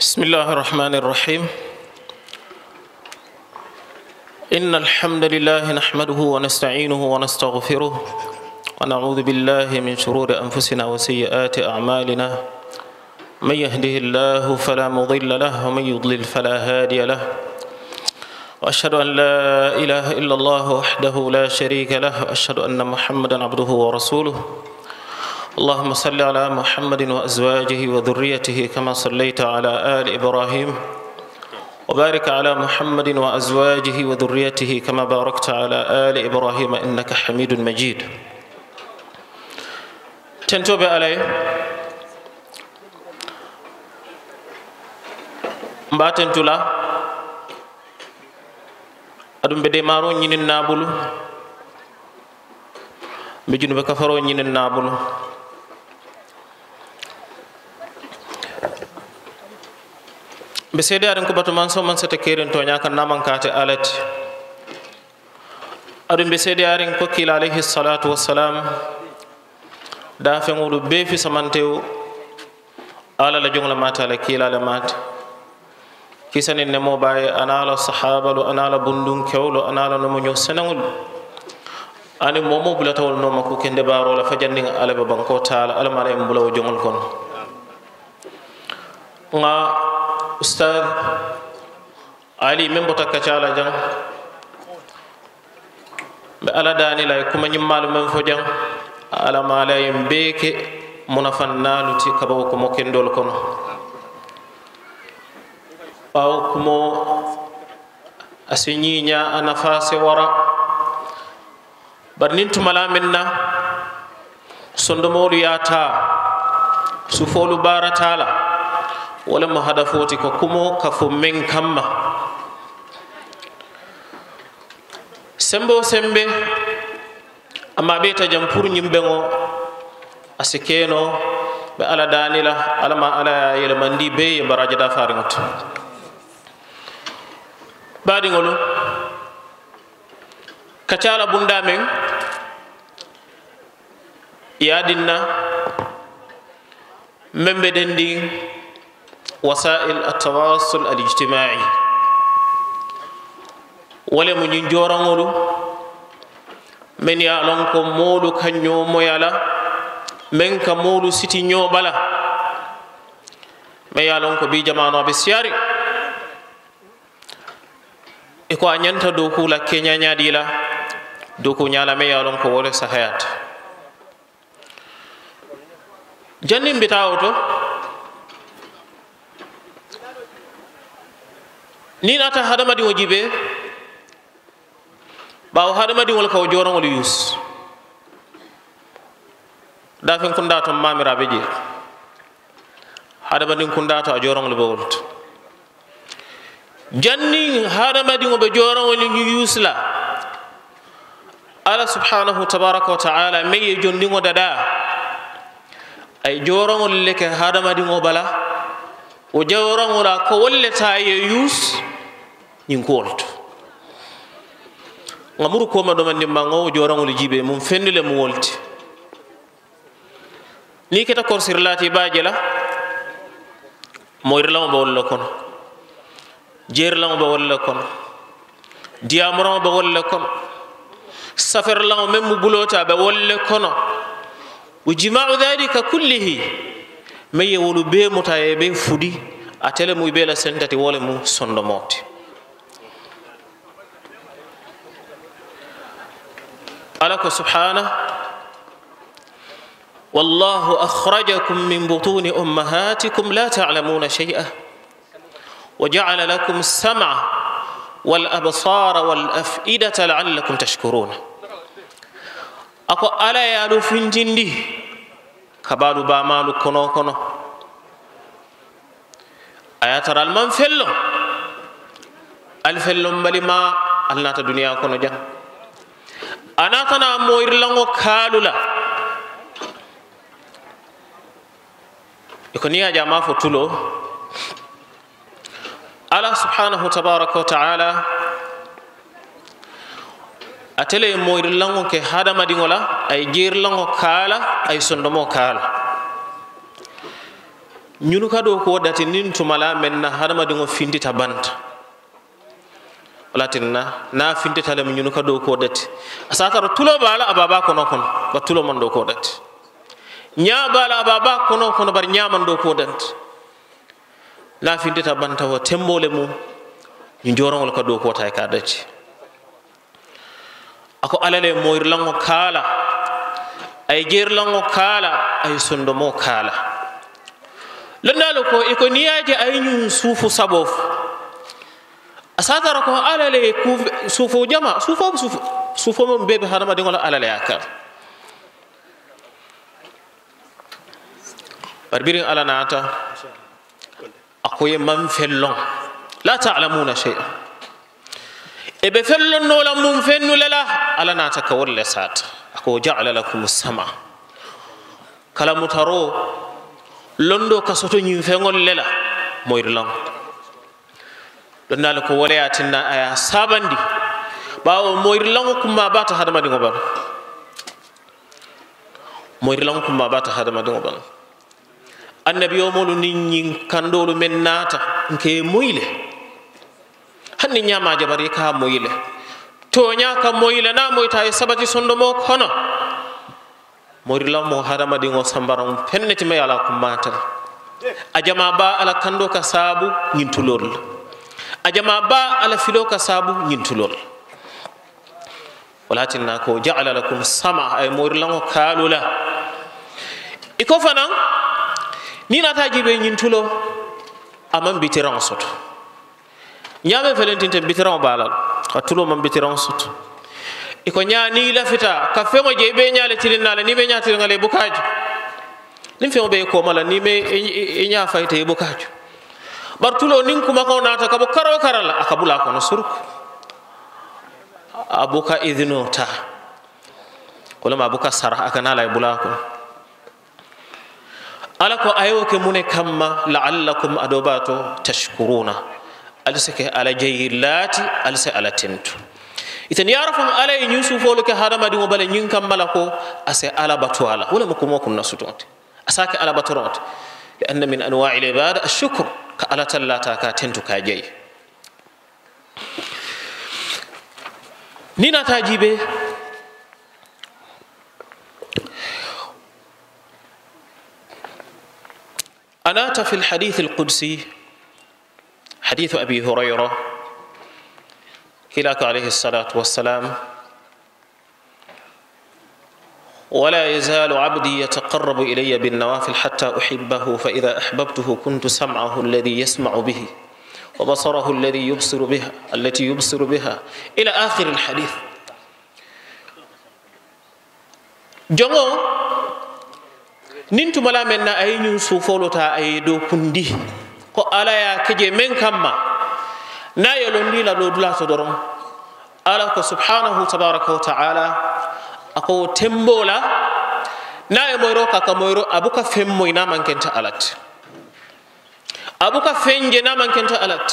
بسم الله الرحمن الرحيم إن الحمد لله نحمده ونستعينه ونستغفره ونعوذ بالله من شرور أنفسنا وسيئات أعمالنا من يهده الله فلا مضل له ومن يضلل فلا هادي له وأشهد أن لا إله إلا الله وحده لا شريك له وأشهد أن محمدا عبده ورسوله اللهم صل على محمد وأزواجه وذريته كما صليت على آل إبراهيم وبارك على محمد وأزواجه وذريته كما باركت على آل إبراهيم إنك حميد مجيد تنتوب عليه mbaten tula aɗum بدي demaro ñinin nabulu mbe junuɓe kafaro ñinin mbi seede aɗen kuɓato man soman sete keerin to ñaka namankate alat aɗum mbi seede aren kokkila alayhi salatu wassalam dafeŋuɗu beefi samantew alala jongla mate ala kiilala mate kisanin nemo baye anala sahabalu anala bundun kewlo anala nomo ño senaŋol ani momo bulatawol nomakuke ndebarola fajanndin alaɓe banko taala alamaala en bulawo jongol kono nga ustad ali min mbo takka cala jang mbe ala dani lay kuma ñimmalu men fo jang ala malayen beke munafan naluti kabawo ko mokendol kono ɓaw kumo asiñiña a nafase wara bar nintumala min na sondomolu yata sufolu baratala wala mo haɗa foti ko kumo ka fo men kamma sembe o sembe amma ɓeyta jam pour ñimɓe o a sikeno ɓe ala danila alama ala yelemandi be ye baraje da faringot baɗigolu kacala bunda men yadinna men ɓe ɗen ndi wasail atawasul al ijtimai wole mu ñin joranŋolu min ye lon ko moolu ka ñomoyala min ka moolu siti ñoɓala min ye lon ko bi jamano aɓe siyari e ko a ñanta doku la keñañaɗila doku ñala min ye lon ko wole sahayata jannin bita oto ni nata hadamadiŋo jibe bawo hadamadiŋol kawo joroŋol yus dafen kunda to mamiraɓe je hadamadin kunda to a joroŋol bowolto jannin hadamadiŋo ɓe joroŋol yus la ala subhanahu tabaraka wa taala mey ye jondiŋo dada ay joroŋol leke hadamadiŋo bala wo joroŋola ko wolle ta ye yus ñin kuwolto gamuru koma ɗomanni mangowo joranŋol jiibe mum fendile mu wolti ni keta korsir lati baje la moyrelamo ba wolla kono jerelamo ba wolla kono diyamoramo ba wolla kono safirelamo men mu bulota ɓa wolle kono wo jimau dalika kullihi mayye wolu bemuta e ɓe fuɗi a telemu ɓe la sentati wole mu sondomote قال سبحانه والله أخرجكم من بطون أمهاتكم لا تعلمون شيئا وجعل لكم السمع والأبصار والأفئدة لعلكم تشكرون أكو ألا يالو فنجندي كبالو بامالو كنو كنو أياتر المنفلو الفلو ما ألنات تدنيا كنو جنب a natana moyirlango kaalula e ko niyaƴama fo tulo allah subhanahu tabaraka wa taala a tele e moyirlango ke hadamaɗigola ay jeyirlango kaala ay sondomo kaala ñunu kaɗo ko waɗɗate nin tumala menna hadamaɗigo findita banta latinna na finte tale mi ñunu ka ɗow ko ɗete a satara tulo bala a baba kono kono bar tulo man ɗo ko ɗete ña bala a baba kono kono bar ñaman ɗo ko ɗente la finte ta banta o tembole mum ñu jorogol ka ɗow kota e ka ɗete ako alale moyir lango kala ay jeer lango kala ay sondomo kala lonnalo ko eko niyaje ay ñum suufu saboof asatara ko ala le sufo jama sufo sufo sufo mon bebe hanama de ngola ala le akar barbirin ala nata akoye man fellon la ta'lamuna shay'a e fellon no la mum fennu lala ala nata ka wolle sat ako ja'ala lakum sama kala mutaro londo ka soto nyim fengol lela moyr ɗon nane ko woleya tinna aya sabandi ɓawo moyrilango kumma bata hadamadi go bana moyrilango kumma bata hadamadi go bana annabi yomolu ninñin kandolu men naata nke moyle hanni ñamaje bari ka moyle toñaka moyle na moyta e sabati sondomo kono moyrilamo hadamadi go sambaran pennetima ye ala kummatal a jama ba ala kando ka saabu ñintulorla a jama ba ala filo ka sabu ñintulol walatinna ko jaala lakum sama ay morilango kaalula i ko fanan ni nata jibe ñintulo aman bitiran soto ñaame felentinte bitiran balal a tulo man bitiran soto i ko ñani lafita ka feŋo je i be ñale tilinnala ni be ñatiliŋala i bukaju nin feŋo be i komala ni me i ñafayita i bukaju bartulo tulo nin kumakaw naata kabo karo kara la aka bula kono surku a ta kolema a sara a kana la bula kono ke mune kamma laallakum aɗo ba to tashkuruna ala sike ala jeyi laati ala se ala tentu iten yara fan ala ye ñin sufolu ke hadamadiŋo bala ñin ase ala batu ala wo lema kumo asake ala batoronte لأن من أنواع العبادة الشكر كألا تلا تاكا تنتو كاجي نينا تاجيبه أنا في الحديث القدسي حديث أبي هريرة كلاك عليه الصلاة والسلام ولا يزال عبدي يتقرب إلي بالنوافل حتى أحبه فإذا أحببته كنت سمعه الذي يسمع به وبصره الذي يبصر بها التي يبصر بها إلى آخر الحديث جمو ننتم لا من أي نسوفولو تا أي دو كندي كو ألا يا كجي من كما نا يلوني لا لودلا تدرون ألا سبحانه تبارك وتعالى ako tembola na e moyro kaka moyro abuka fem moy na mankenta alat abuka fenge na mankenta alat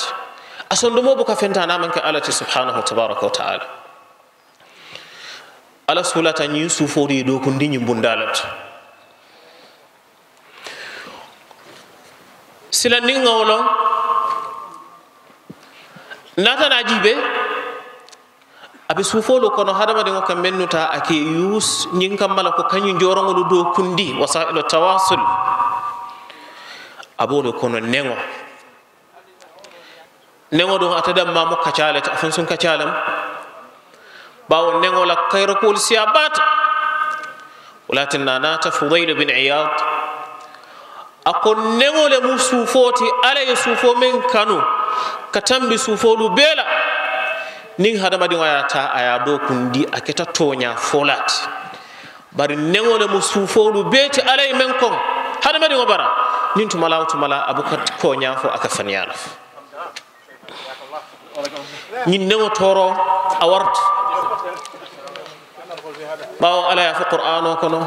asondumo buka fenta na manke alat subhanahu tabaraka wa taala ala sulata ni sufori do ko ndinyi bundalat silanni ngawlo natana jibe aɓe suufoolo kono hadama ɗen o kam mennuta ake yus ñin kam mala ko kañum jorogol dow kundi wasailo tawasul aboole kono neŋo neŋo ɗum atadam mamo kacalete afon sun kacalam ɓawo neŋola kayro kool siya baata walatin na nata fudayle bin iyad ako neŋole mu suufooti alaye suufo men kanu ka tambi suufolu beela nin hadamadiŋo yata a ye a doo kundi a keta tooña folati bari neŋo le mu suufoolu bee ti alla ye meŋ koŋ nin tuma niŋ tumala wo tumala a buka fo a ka nin la ñiŋ neŋo a warata bawo ala ya fi fo qur'ano kono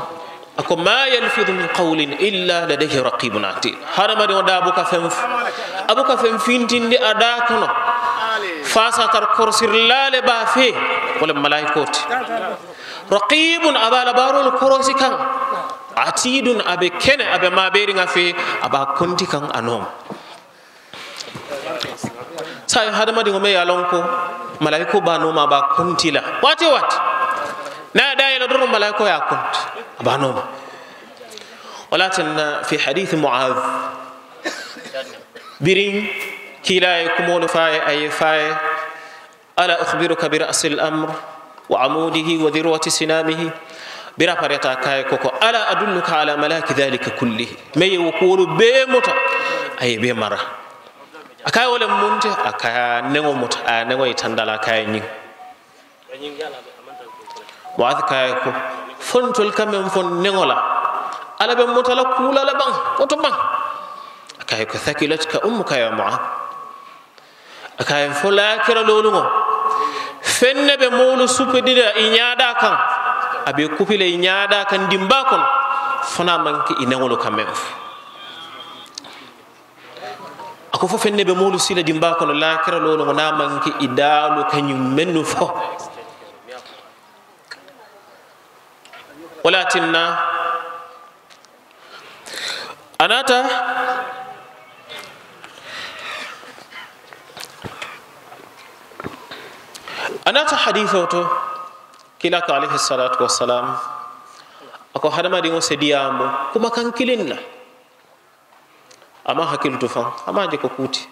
a ko ma yalfidhu min qawlin illa ladayhi raqibun atid hadamadiŋo daa buka feŋ a buka feŋ fintindi a kono fasatar korosirlaale baa fee wala malaikoti raqibun abala barol korosi kan atidun abe kene abe maberi nga fee aba konti kan anom sayo hadamadi ngome yalon ko malaiko ba noma ba kontila wati wati na dayela doro malaiko ya konti aba noma ولكن في حديث معاذ برين kiilaye kumolu faye aye faye ala ukhbiruka bi rasi l amre wa amudihi wa dirwati sinamihi bira pareta kaye koko ala adulluka ala malaki dhalika kullihi mai wo kuwolu bee muta aye be mara a kaye wole munte a kaya neŋo muta aya neŋo ye tandala kaye ñiŋ waati kaye ko fontol ka men fon neŋo la ala be mutala kuula le baŋ woto baŋ a kaye ko thakilatka ummuka ya muab kayen fo laakira lolugo fenne ɓe molu supidira i ñaaɗa kan aɓe kupila i ñaaɗa kan dimba kon fana manke i nawolu kam men fo ako fo fenne ɓe molu sila dimba kono laakira lolugo na manke i daalu kañum mennu fo walatinna anata anata hadise o to kilako alayhi salatu wassalam ako hadamadiŋo sediyamu kuma kan kiliŋ na ama hakkiltu faŋ ama je ko kuti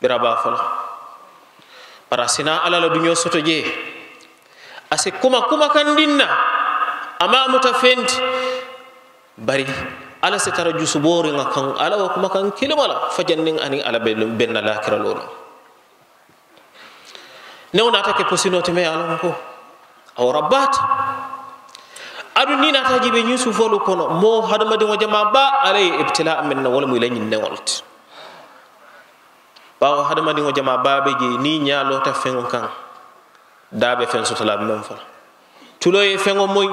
biraba fola bara sina ala la duño soto je asi kuma kuma kan din na ama muta fenti bari ala si tara jusuboriŋa kaŋ ala wo kuma kan kilimo la fajanniŋ aniŋ ala benna lakiralo noŋ newo naata ke posinote me alon ko aw rabbat aɗum ni nata ɓe ñin sufolu kono mo hadamadiŋo jama ba alaye ibtila men na wala mu ila ñin neŋol ti ɓawo hadamadiŋo jama baabe je ni ñalota feŋo kan daabe fen sotolaɓe mem fala tulo ye moy moyi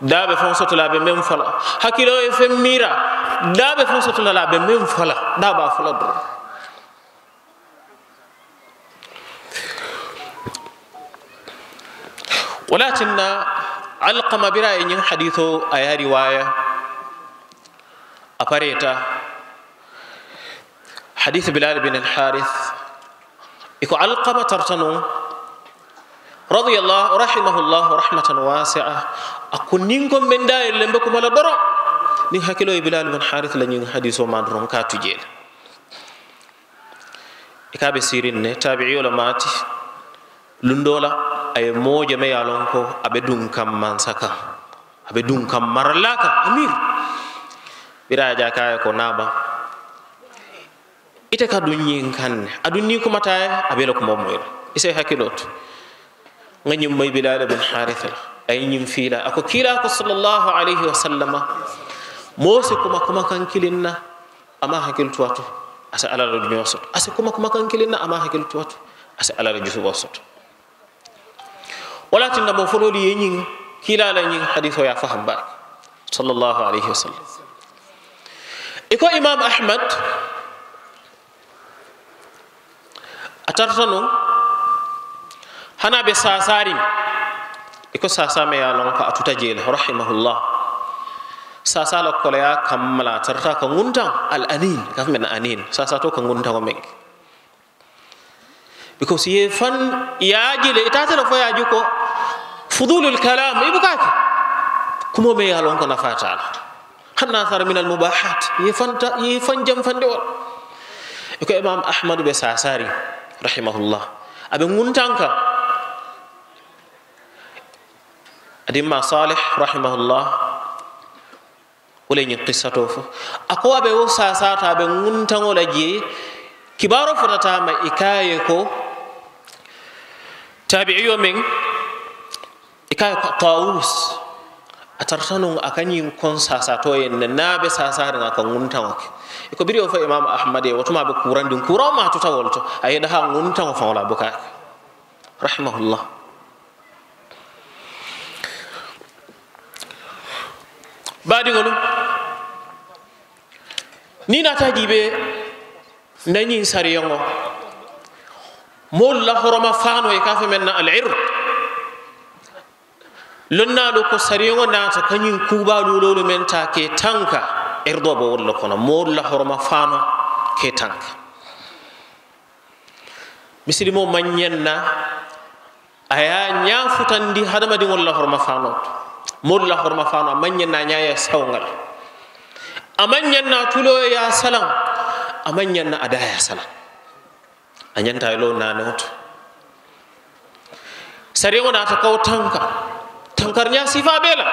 daabe feŋ sotolaɓe men fala hakkilo fen mira miira daabe feŋ sotolalaɓe men fala daaba fala doro ولكن علقم برأيي حديثه أي رواية أبريتا حديث بلال بن الحارث إكو علقم ترتنو رضي الله رحمه الله رحمة واسعة أكون نينكم من داي لنبكم على درع نين حكيلو بلال بن حارث لنين حديثه ما درون كاتجيل إكابي سيرين تابعي ولا ماتي لندولا aye mojome ya lon ko aɓe ɗum kam mansa kam aɓe ɗum kam marallaka amir ɓiraja kaya ko naba ite ka ɗunñin kanne aɗunni kumata a ɓela kuma moyra isey hakkiloto gañum may bilal bin haritha la ayñim fiila ako kiila ko salllah alayhi wa sallama moose kuma kuma kan kilinna ama hakkiltuwato asa alala ɗuñoo soto asa kuma kuma kan kilinna ama hakkiltuwato asa alala jusuboo soto wala tinna bo fololi ye ñiŋ kiilala ñiŋ hadiso ya faham baake sallallahu alayhi wa sallam i ko imam ahmad a tarta no hana be sasarim i ko sasame ye lon ko a tuta jeele rahimahullah sasa la koleya kammala a tarta ka ŋuntaŋ al anin kafmena anin sasa to ka ŋuntaŋo meŋ ke because ye fan yaajile itatela fo yaaju ko fudulul kalam ibu kake kumo me yalon ko nafatala hanna sar min al mubahat ye fan ta ye fan jam fande wol ko imam ahmad be sasari rahimahullah abe nguntanka adimma salih rahimahullah wala ñi qissato fo ako abe wo sasata abe nguntangola je kibaro fotata tabi'iyo men e kay taus a tarta non a kañin kon sasato en ne naaɓe sasare ga ko guntawoke e ko ɓiri o fof imama ahmade e wotomaɓe kurandi kuranma totawol to a yiɗa ha guntawo fawla bukake rahimahullah baɗigo ɗum ni nataji ɓe dañin sariyogo moolu la horoma faano e kafe men na al ir lonnaɗo ko sariyogo naata kañum kubaluulolu men ta ke tanka erdo bo wolla kono moolu la horoma faano ke tanka misilimo mañenna aya ñafutandi hadamadi ngolla horma fanoto molla horma fano a mañenna ñaya sawgal a mañenna tulo ya salan a mañenna adaya salan a ñanta lo nanewo to sariŋo naata kawo tanka tankariña sifa bee la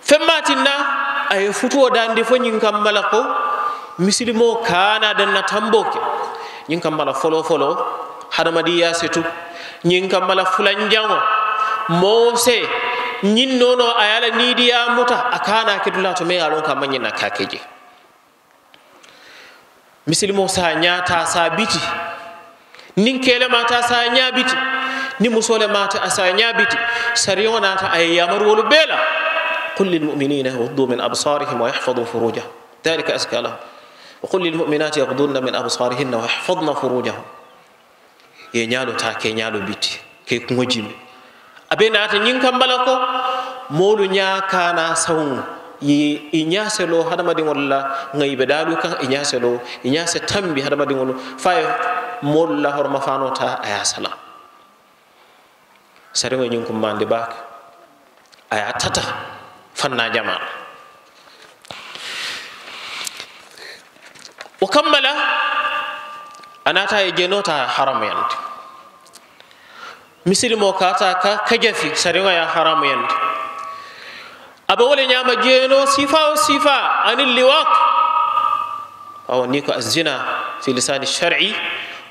feŋ a ye futuwo dandi fo ñiŋ kam mala ko misilimo kaana danna tambo ke ñiŋ kamma la folo foloo hadamadiya setu ñiŋ kamma mala fulanjaŋo moo see ñiŋ noono a ye a la niidiya muta a kedula to me ye a loŋ kamma ñiŋ na je misilimo sa ñaata sa biti ninkele mata sa ñabiti ni musole mata asa ñabiti sariyo nata ay yamarwolu bela قل للمؤمنين يغضوا من أبصارهم ويحفظوا فروجهم ذلك أزكى لهم وقل للمؤمنات يغضون من أبصارهن ويحفظن فروجهم ينالو تا كينالو بيتي كي كنجيم أبينا تنين كمبلكو مولو نيا كانا سونو i ñaaselo hadamadiŋol la ŋayi be daalu kaŋ i ñaaselo i ñaase tambi hadamadiŋol faye moolu la horoma faano ta a ye a sala sariŋo ñiŋ kummaandi baake a ye a tata fanna jama wo kamma la a naata ye jenoo ta haramu yanti misilimo kaata ka kajafi sariŋo ye haramu yanti aɓe wole ñama jeeno sifa o sifa ani liwak awo ni ko azina fi lisani shari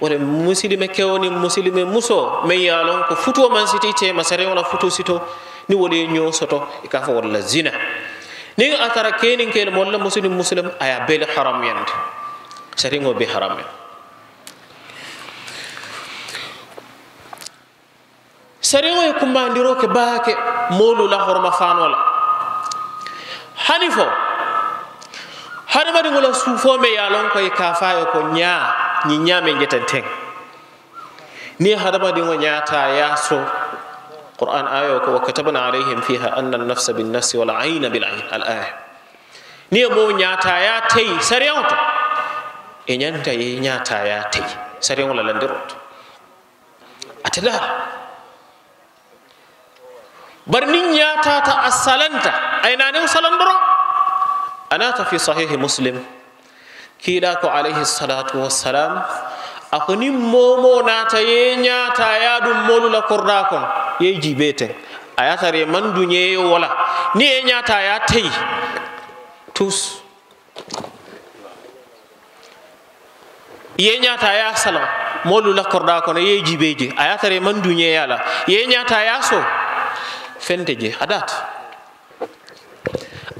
wone musilime kewni musilime muso min yaalon ko futuo man siti te masare wona futu sito ni woli ñosoto e kafa walla zina ni a tara keninkele molla musilim musilim aya beele haram yande sariŋo be haram en sariŋo e kumbandiro ke baake moolula horma fanola hani fo hani mari ngola suufo me yalon koye kafayo ko ñaa ñi ñaame jetan ten ni hadamadi ngo ñaata yaso qur'an ayo ko wa katabna alayhim fiha anna an-nafsa bin-nafsi wal 'ayna bil 'ayn al-aya ni mo ñaata ya tey sariyon to e ñanta e ñaata ya tey sariyon la lande rot atela bar ni ñaata ta asalanta as aynani salandoro anata fi sahihi muslim kiiɗa ko alayhi salatu wassalam akoni momo nata ye ñata yaɗum molula korɗa kon ye jibe ten a yatare mandu ñeeyo wala ni e ñata ya teyi tous ye ñata ya salam molula korɗa kono ye jibe je a yatare mandu ñeeyala ye ñata ya so fende je a data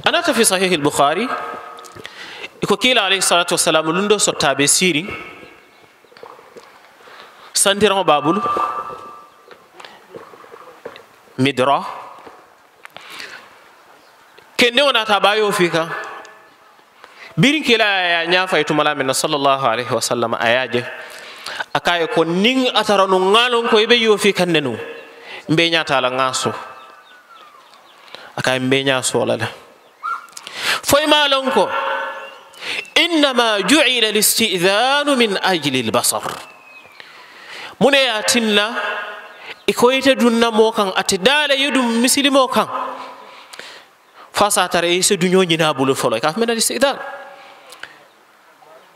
anaka fi sahih lbukhari iko kiila alayhi salatu wasalam lundo sottaɓe siri santiran o babulu midra kende o nata ɓawi o fi kan birin kila aya ñafay tumala men no sallllahu alayhi wa sallam ayaje akaye ko nin atara no ŋalon ko yeɓe yo fi kan ne nu mbeñatala ŋaso akaye mbeñasolala foymalonko innama juila listidanu min ajli lbasar muneya tinna iko e yite dunnamo kan ate daala yedum misilimo kan fasatara ise duñoñinabulu foloy kaf mena listidan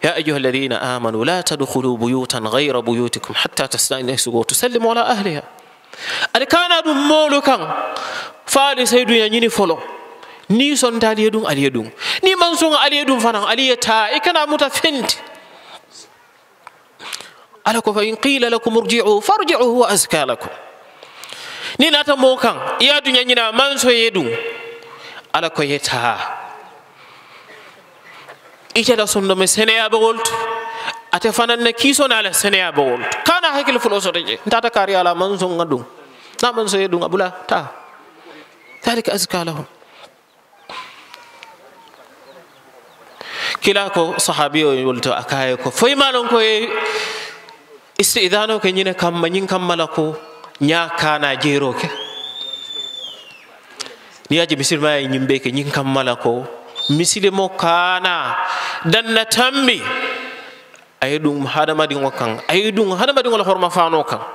يا أيها الذين آمنوا لا تدخلوا بيوتا غير بيوتكم حتى تستأنسوا وتسلموا على أهلها. ألي كان أدو مولو كان فالي سيدو يجيني فولو ni sonta aliya ɗum aliya ɗum ni mansuga aliya ɗum fana aliya ta e kana muta fendi ala ko fa in qila lakum urjiu farjiu huwa aska lakum ni nata mo kan yaadu ñañina mansoye ɗum ala ko yeta itata sondome seneyaɓewol to ate fananne kisona ala seneyaɓewol to kana hakkille fulo soto je ntata kari ala mansoga ɗum na mansoye ɗum abula ta dalika aska lahum kila ko sahabi o wolto akaye ko foy malon ko e istidano ke nyine kamma nyin kam ko nya kana jero ke ni aje misilma e nyimbe ke nyin kam ko misile mo kana danna tammi ayi ɗum hadamadi ngokan kan ayi ɗum hadamadi ngol horma fano kan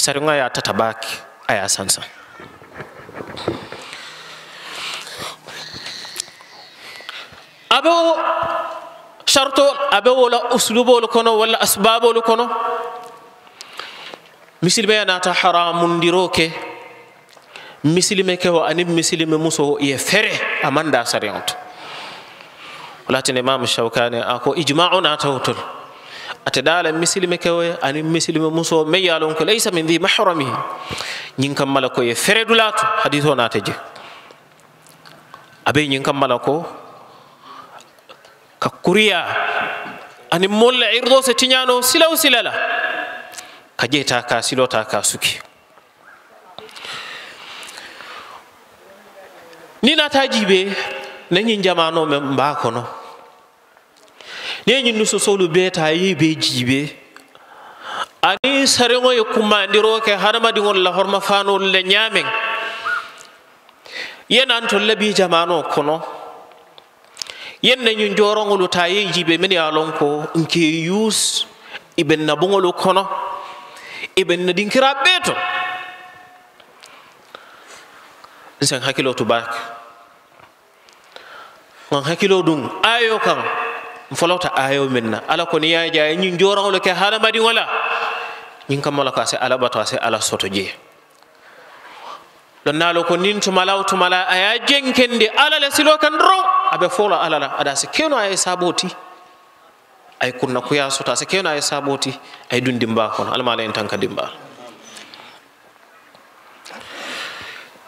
sari nga ya tatabaki aya sansan abo shartol abe wola uslubol kono walla asbabolu kono misilime nata haramundiro ke misilime kewo anin misilime muso ye fere amanda sariŋo to walatin imamu shawkani a ko ijma'u natawo tol ate dala misilime kewoye anin misilime muso me ye ko laysa min dhi mahramihi kam mala ko ye fere dulatu hadise o nate je abe ñiŋ mala ko ka kuriya ani molle e irdo se tiñano silaw silala ka jeyta ka silota ka suki ni nata jiɓe nañi jamano men mbakono neñi nu sosolu beeta yeyɓe jiɓe ani sarego e kummadiroke hadamadiol la horma fanol le ñamen yenan to labi jamano kono yenne ñu ñun jorongolu ta ye jibe min ya lon ko nke yus iben na bongolu kono iben na dinkira beto sen hakilo to bak ngan hakilo dun ayo kan folota ayo minna ala ko ni ya ja ñun ke hala madi wala ñin mala ka se ala bato se ala soto je ɗon naalo ko nin tumala tumala aya jenkende alala silo kan row aɓe fola alala aɗa si kewno aya e saɓoti ay kunna kuya sota si kewno aya e saɓoti ay ɗum dimba kono almaala en tan ka dimba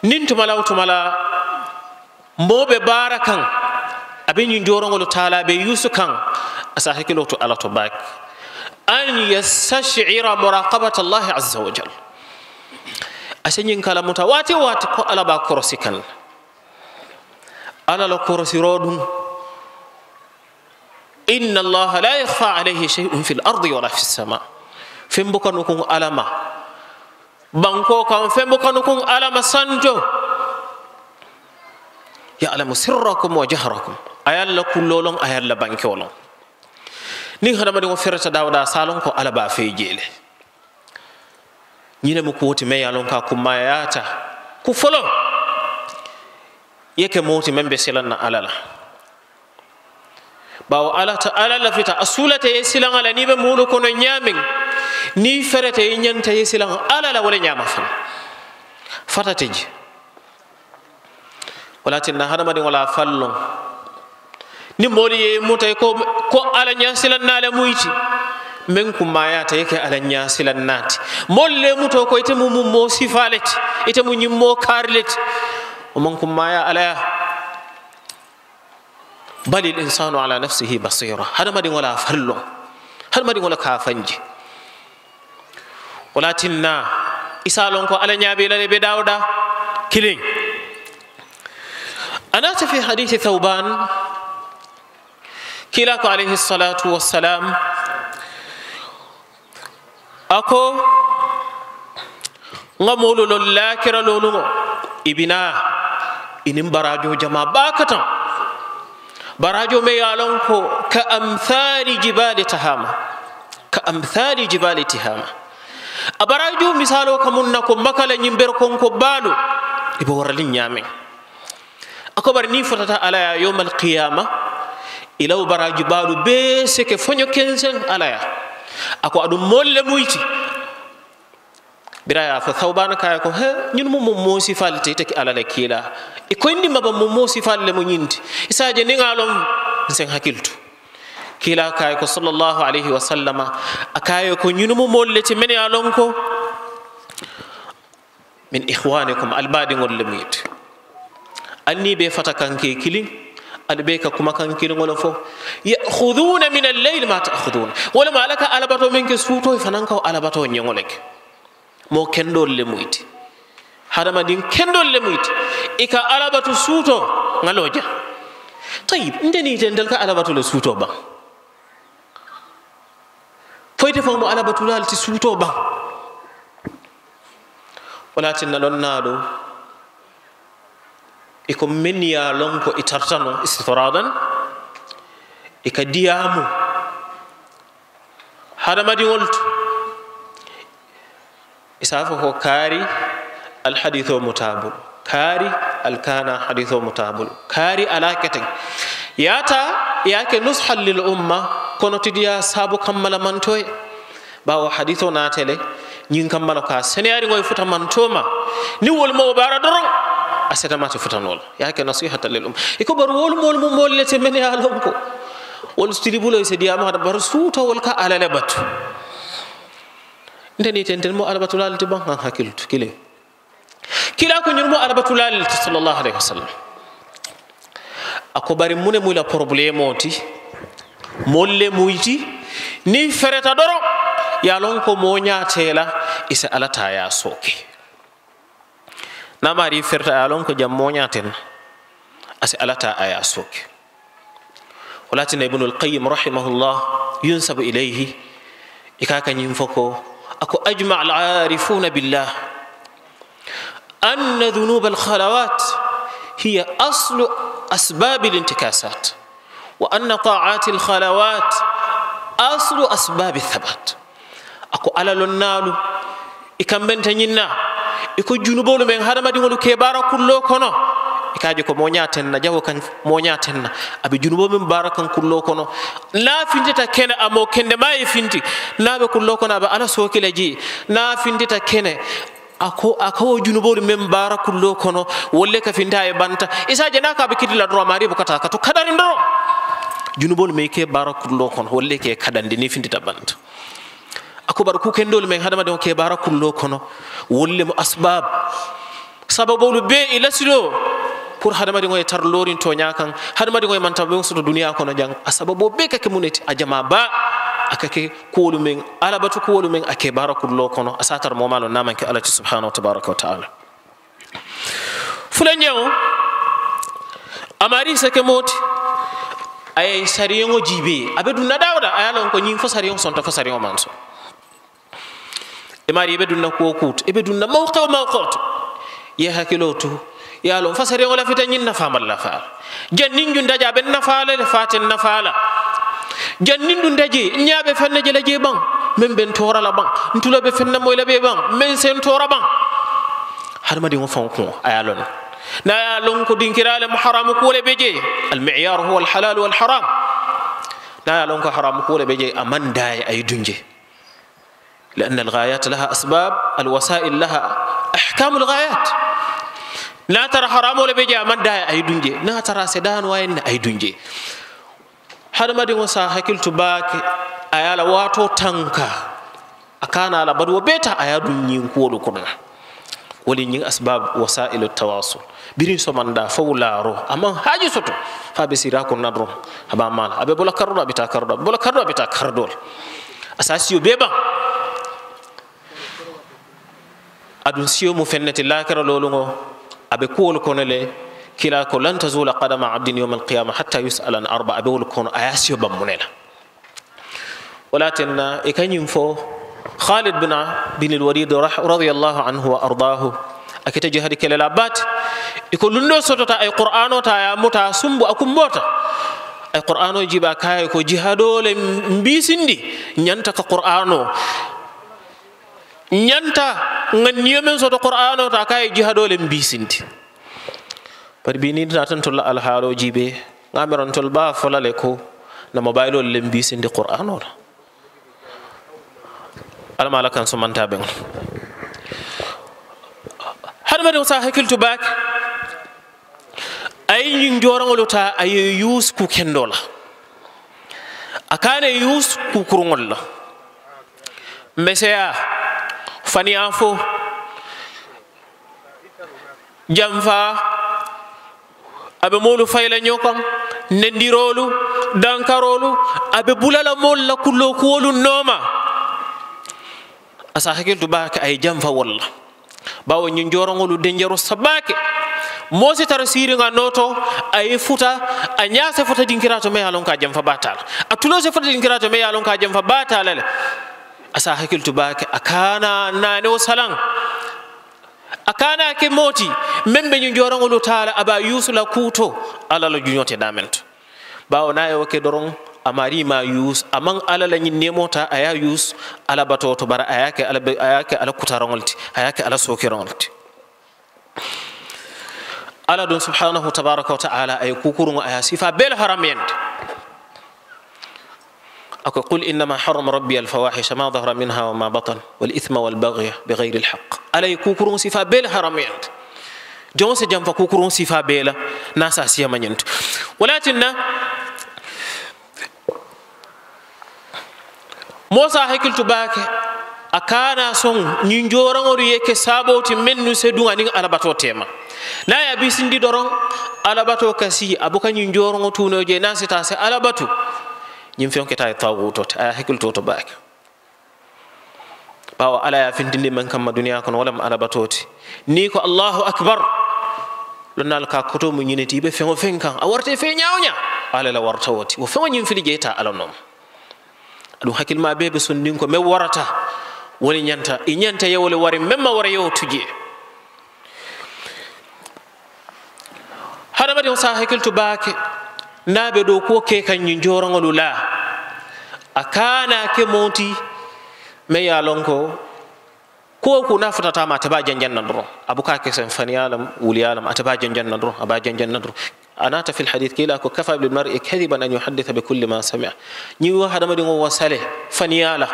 nin tumala tumala moɓe bara kan aɓeñi jorogol taala ɓe yusu kan asa hakkilo to ala to bak an yastashira muraqabat allahi azza wa jalla asañin kala muta wati wati ko alaba korosi kal alala korosiro ɗum inna allaha la yakha alayhi shay un fi l ardi wala fi lsama fembukanu kun alama banko kam fembukanu kun alama sanjo yalamu sirrakum wa jahrakum ayalla kulloloŋ ayalla bankewoloŋ nin hadamadio ferata dawda salon ko alaba feyjeele ñinemo kuwoti meya lon ka kummayayata ku folo yeke moti men be silanna alala bawo alata alala fita a suulate ye silan ala ni be muɗu kono ñamin ni ferete ye ñanta ye silan alala wala ñama fana fatate je walatinna hadamadin wala fallon ni moolu ye mutay ko ko ala ñasilannaale muyti min ku mayata yeke ala ñasilan naati molle muto ko ite mu mummo sifaleti ite mu ñimmo karileti o man ku maya alaya bali l insanu ala nafsihi basira hada maɗi wala fallon hada maɗi wala kafanje wala tinna isalon ko ala ñabilale ɓe dawɗa kilin anata fi hadithi thauban kila ko alayhi salatu wassalam ako nga moolu lo lakira lolu ngo ibina inin barajo jama baakatan barajo me yalon ko ka amthali jibali tahama ka amthali jibali tahama a barajo misalo kamun na ko makala nyimber kon ko balo ibe waralin nyamen ako bari ni fotata alaya ya yawmal qiyama ilaw barajo balu be seke foño kensen ako aɗum molle muyti biraya ko thawbana kaya ko he ñin mo mum moosifalte taki alale kiila e koyndi maba mo moosifalle mo ñinde isaje ningalon sen hakkiltu kiila kaya ko sallllahu alayhi wa sallama a kaya ko ñinmo mollete mene alon ko min ihwanikum albadi golle muyte anni ɓe fata kanke kilin ada ɓe ka kuma kan kirgolo fof yahuduna min alleyli ma taahuduna wala ma ala ka alabato min ke suutoy fanan kaw alabato ñegole ke mo kendol le muyti hadama ɗin kendol le muyti e ka alabatu suuto ngaloja tayib ndeniten del ka alabatu le suuto ban foyte fo mo alabatulalti suuto ban walatinna ɗon naɗo eko menniya lonko e tartano istifaradan e ka diyamu hadamadi wonto e safa ko kaari alhadith o mutabul kaari alkana hadith o mutabul kaari ala keteg yata yake nushan lil umma kono tidiya saabu kammala mantoye bawa hadith o natele ñin kammala ka seneyari goye futa mantoma niwol mawo ɓe ara doron اسيتا ما تفتن ول يا كان نصيحه للام يكبر ول مول مول لتي من يالونكو ول ستيبو لو سيديا ما بار سوتا ول كا على لبات ندني تنتن مو على بتول لتي بان كان حكيلت كيلي كيلا كون يرمو على بتول لتي صلى الله عليه وسلم اكبر من مولا بروبليموتي مول مولتي ني فرتا دورو يالونكو مو نياتيلا اسا الا تايا سوكي namari firta alon ko jam moñaten asi alata aya soki ولكن ابن القيم رحمه الله ينسب إليه إكاكا ينفكو أكو أجمع العارفون بالله أن ذنوب الخلوات هي أصل أسباب الانتكاسات وأن طاعات الخلوات أصل أسباب الثبات أكو ألا النال إكام بنت iko e junubolu men haɗamadi wonu ke barakullo kono e kaji ko moñatenna jawo kan moñatenna aɓe junubo men barakan kullo kono nafindita kene amo kende ma e finti naɓe kullo kono aɓe ala sokile ji nafindita kene ako akawo junubolu men barakullo kono wolle ka finta e banta isaji e naka aɓe kidila droit maribo kata kato kaɗani ndoro junubolu me ke barakullo kono wolle ke kaɗande ni findita banta akubar ku kendol men hadamadenw kebara kullo kono wolle mo asbab sababolu be ilasilo pour hadamadengo e tar lorinto ñakan hadamadengo e manta ɓen soto duniya kono jang a be kake muneti a jama ba akake kuwolu men alabatu kuwolu men ake barakullo kono a satar momalo namanke alati subhanahu wa tabaraka wa taala fulanñawo amari sake moti aye sariyeŋo jiibe aɓe dunna dawda a ko ñiŋ fo sariyeŋo sonta fo sariyeŋo man imari ibedunna kuwo kuuto ibedunna mawqeo mawqoto ye hakkilo to yaalon fasareŋo lafita ñiŋ nafamalla faala janniŋ junta je a be nafaala le faten nafaala janniŋ dunta je ñaa be fenne je la je baŋ meŋ be ntora la baŋ ntulo be fenne moyi la be baŋ meŋ se ntora baŋ hadamadiŋo faŋo kuŋo a ye a loŋ na ye a loŋ ko dinkira le mu haramu kuwo le be je almiyar huwa alhalalu walharam na ye a loŋ ko haramu kuwo le be je a maŋ daaye a ye dunje لأن الغايات لها أسباب الوسائل لها أحكام الغايات لا ترى حرام ولا بيجا من داي أي دنجي لا ترى سدان وين أي دنجي هذا ما دين وصاحي كل تباك أيالا واتو تانكا أكان على بدو بيتا أيالا دنجي ينقولوا كنا ولين أسباب وسائل التواصل birin so manda fawlaro amon haji soto fa besira ko nadro haba mala abe bola karro bita karro bola karro bita kardol asasi yo beba aɗum siyo mu fennete lakara lolugo aɓe kuwol kono le kila ko lan tazula qadama abdin yawma alqiyama hatta yusala an arba aɓe wol kono aya siyo bammunela wala tenna e kañum fo khalid bina bin alwalid radiallahu anhu wa ardahu akita je hade kelela baati eko lundo sotota ay qur'an o ta yammota sumbu akumbota ay qur'an o jiiɓa kaye ko jihaɗole mbisindi ñanta ka qur'an o ñanta ganniyo men soto qur'an o ta ka e jihaɗole mbisinti bari binidna tan tolla alhaaloji ɓe gamiran tol ɓa folale ko namo baylol le mbisinde qur'an ola alamala kan somanta ɓen haɗumaɗen sa hakkiltu baake ayi ñin jorogolo ta aye yusku kendola a kane yusku kurgol la mbeseya fani an fo janfa aɓe molu fayla ñokon nendirolu dankarolu aɓe bulala molu lakullo kuwolu nooma asa hakkiltu ɓake aye janfa walla bawo ñin jorogolu denjaro sabake mosi tara siriga noto aye futa a ñase fota dinkirato ma yalonka janfa batala a tulose fota dinkirato ma yalonka janfa batalale Asa asahakiltu baka akana nane o salan akanake mooti min ɓe ñujoranngolu taala aba yusula kuuto ala la juñote ɗamen to ɓawo naye woke doron amarima yus aman ala la ñinnemota aya yus ala bato to bara ke ala ke ala kutarangol ti ke ala sookirangol ti ala ɗum subhanahu tabaraka wa taala aye kukurungo aya sifa bel haram yende أكو قل إنما حرم ربي الفواحش ما ظهر منها وما بطن والإثم والبغي بغير الحق ألا يكوكرون صفا بيل حرمين جون سجن فكوكرون صفا بيل ناسا سيما ينت ولكن موسى هيكل تباك أكانا سون نينجوران وريك سابوتي من نسدون أنين على باتو تيما دورون ya bisindi كسي alabato kasi abuka جي tunoje تاسي sitase alabatu ñin fenketa e tawutote aya hakkiltoto baake ɓawa alaya findindi men kamma duniya kono walama alabatoti ni ko allahu acbar lonnal ka koto mu ñiniti ɓe feŋo feŋ kan a warta e fe ñawña alala warta woti wo feŋo ñin fili jeyta ala noon aɗum hakkillema be ɓe sondin ko men warata woni ñanta i ñanta yewole wari memma wara yewo tujee haɗa mbaɗi o sa hakkilto baake naɓe ɗo ko ke kañu jorogolu la a kanake monti ma ya lonko ko ko nafatatama a teba jenjenna doro abukake sen fanialam wuliyalam a teba jenjenna doro aba jenjenna doro anata fi lhadith kila ko kafa bil mar'i kadiban an yuhaditha bi kulli ma samia ñiwo hadama ɗi gowo sale faniyala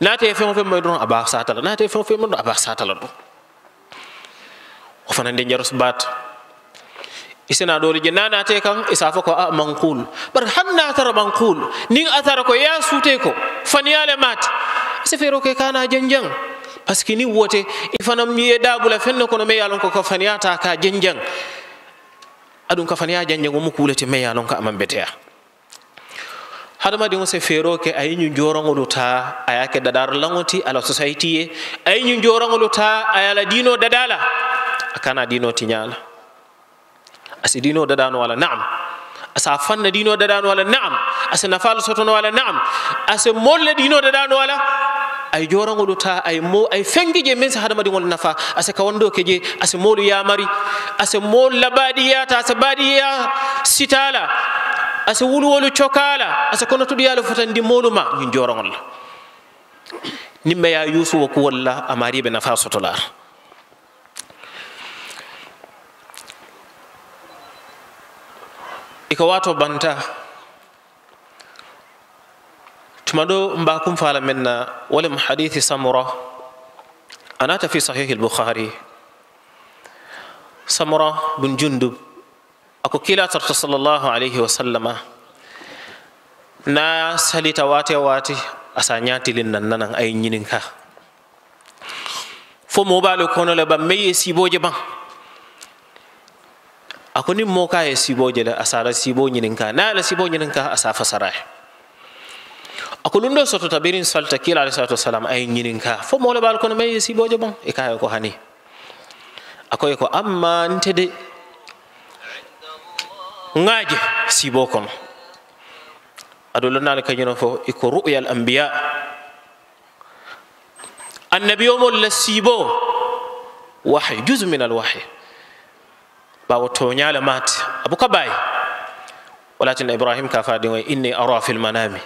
naate e fewo femmay doro aba satala naate e fewo femmay doro aba satala doro o fanande jaros bat isena dori je nane ate kan isa fo ko a ah, manqul bar hanna tar manqul nin atar ko ya sute ko faniyale mat se fero ke kana janjang parce ni wote ifanam ifana miye dabula ko no me yalon ko ko faniyata ka janjang adun ka faniya janjang omo kulete me yalon ka aman beteya hadamadiŋo se feeroo ke a ye ñiŋ jooroŋolu taa a ye a ke dadaarolaŋo ti a la sosayiti ye a ye ñiŋ jooroŋolu taa a ye a la diinoo kana diinoo tiñaa asi dino daɗano wala naam asa fanna ɗino daɗano wala naam asi nafalo sotono wala naam asi molle ɗino daɗano wala ay joranŋoɗo ta ay mo ay fengije min si hadamadi gol nafa asi ka wando keje asi molu yamari asi molla baɗi yata asi baɗi ya sitala asi wulwolu cokala asi kono tuɗoyalo fotandi moluma min joranŋolla nimmeya yusuwo ku wolla amariɓe nafa sotolara iko wato banta tuma ɗo mbakum fala men na walemo hadithi samura anata fi sahihi lbukhari samura bun jundub ako kilatarto salllahu alayhi wa sallama na salita wate wate asa ñatilin nan nanan ayi ñinin ka fo mobale konole ba meyi siboje ban akoni moka ya sibo jele asara sibo nyininka, na ala sibo ñininka a fasara ako ɗum ɗo soto tabirin salta kila alayhi salatu wasalam ay ñininka fo mole bal kono mayi sibo bon e kaye ko hani akoye ko amma nte de ŋaaje sibo kono aɗo lonnale kañuno fo iko ru'ya al ambiya annabi omol la sibo wahy juse min al ɓawo toñale mate abouka baye o latin ibrahim ka faɗi o inni ara fil manami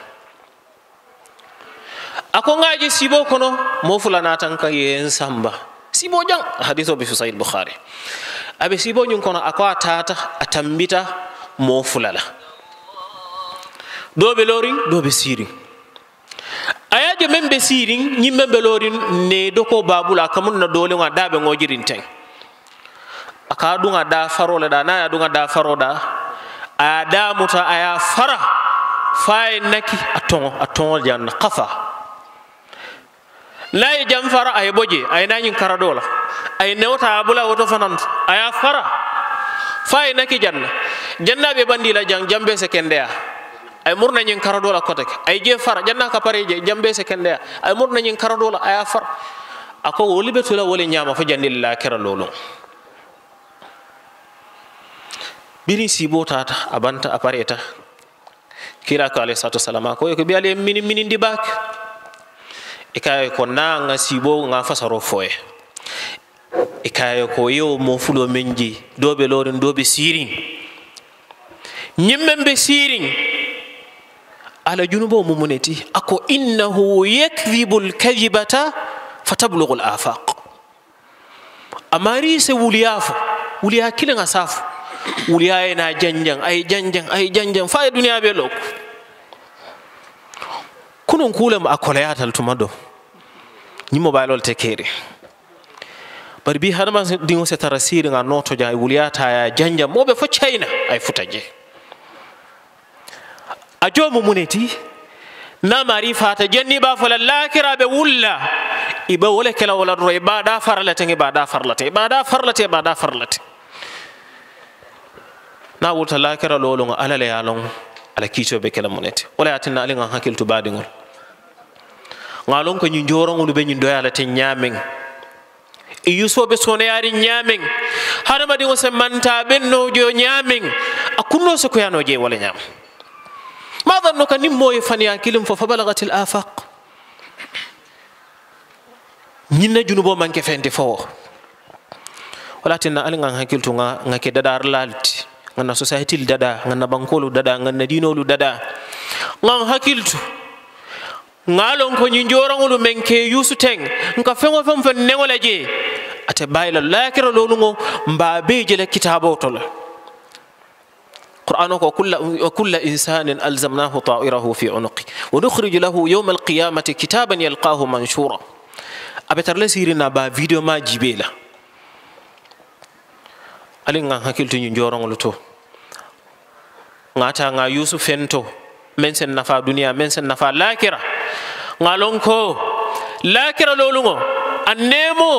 ako ngaji sibo kono mofulana tan ka yen samba sibo jang hadith bi sahih bukhari abe sibo nyun kono ako atata atambita mofulala dobe lorin dobe sirin ayaje membe sirin nyimbe lorin ne doko babula kamun na dole wa dabe ngojirin teng aka ɗunga ɗa farole ɗa na ya ɗunga ɗa faro ɗa aya damuta aya fara faye naki a tongo a tongo janna kafa layi jam fara aye boje aye nañin karadola aye newta a bula woto fananta aya fara faye naki janna janna ɓe bandila jang jambe se kendeya ay murna ñin karadola koteke ay je fara janna ka pare je jambe se kendeya ay murna ñin karadola aya fara ako woli betula woli ñama fo jandilla kera lolon birin sibo tata a banta a pare ta kirako alayhi satu wasalam ko eko ɓiya alayhi minin minin ndibaake e kaye ko naga sibo ga fasaro foye e kaye ko yewo mo fulo men je doɓe loren doɓe sirin ñimmen ɓe sirin ala junubo mumuneti ako innahu yakdibu lkadibata fa tablugu lafaq amari se wuliyafo wuliya kilega safo wuliyayena janjang ay janjang ay janjang fa e duniya ɓe ɗok kunon kuulema a koloyatal tuma do ñimmo baylol te keeri bari bi hadama ɗio se tara siriga notoja e wuliyataya janjang moɓe fo cayna ay futa je a jomo muneti namari fata janni bafola lakiraɓe wulla iɓe wole kelawolaɗoro e baɗa farlate e baɗa farlate e baɗa farlate e baɗa farlate, farlate. na wurta lakira lolonga ala la yalon ala kicho be kala monete wala atina alinga hakiltu badingol ngalon ko nyi njorongo be nyi doya la tin nyamen e yuso be sone yari nyamen hada madi ngose manta ben no jo nyamen akunno se ko yano je wala nyam ma dhanno ka nim moye fani akilim fo fabalagat al afaq nyi na junubo manke fente fo wala tinna alinga hakiltu nga nga ke dadar lalti ganna societyl daɗa ganna bankolu daɗa ganna dinolu daɗa gan hakkiltu ngalon ko ñi jorangolu men ke yusuten nka feŋo feŋ feŋ neŋola je ate bayila lakira lolu ŋo mba be je la kitabo to la قرآن وكل, وكل إنسان ألزمناه طائره في عنقه ونخرج له يوم القيامة كتابا يلقاه منشورا أبتر لسيرنا با فيديو ما جيبيلا alin ngan hakkilti ñu joronglu to ngata nga yusuf fento men sen nafa duniya men sen nafa lakira nga lonko lakira lolungo annemo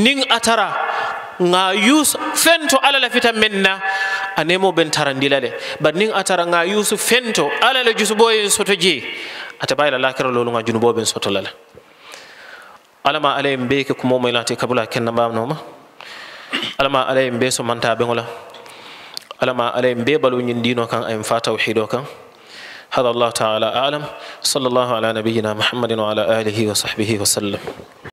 nin atara nga yusuf fento ala la fita menna anemo ben tarandilale bar nin atara nga yusuf fento ala la jusubo en soto je atabayla lakira lolunga junubo ben soto lala alama alayim beke kumomoylate kabula kenna mbamnoma ألا ما عليهم بس من تابعه ألا ما عليهم ببلون يندينه كان أم فاتو حيدوك هذا الله تعالى أعلم صلى الله على نبينا محمد وعلى آله وصحبه وسلم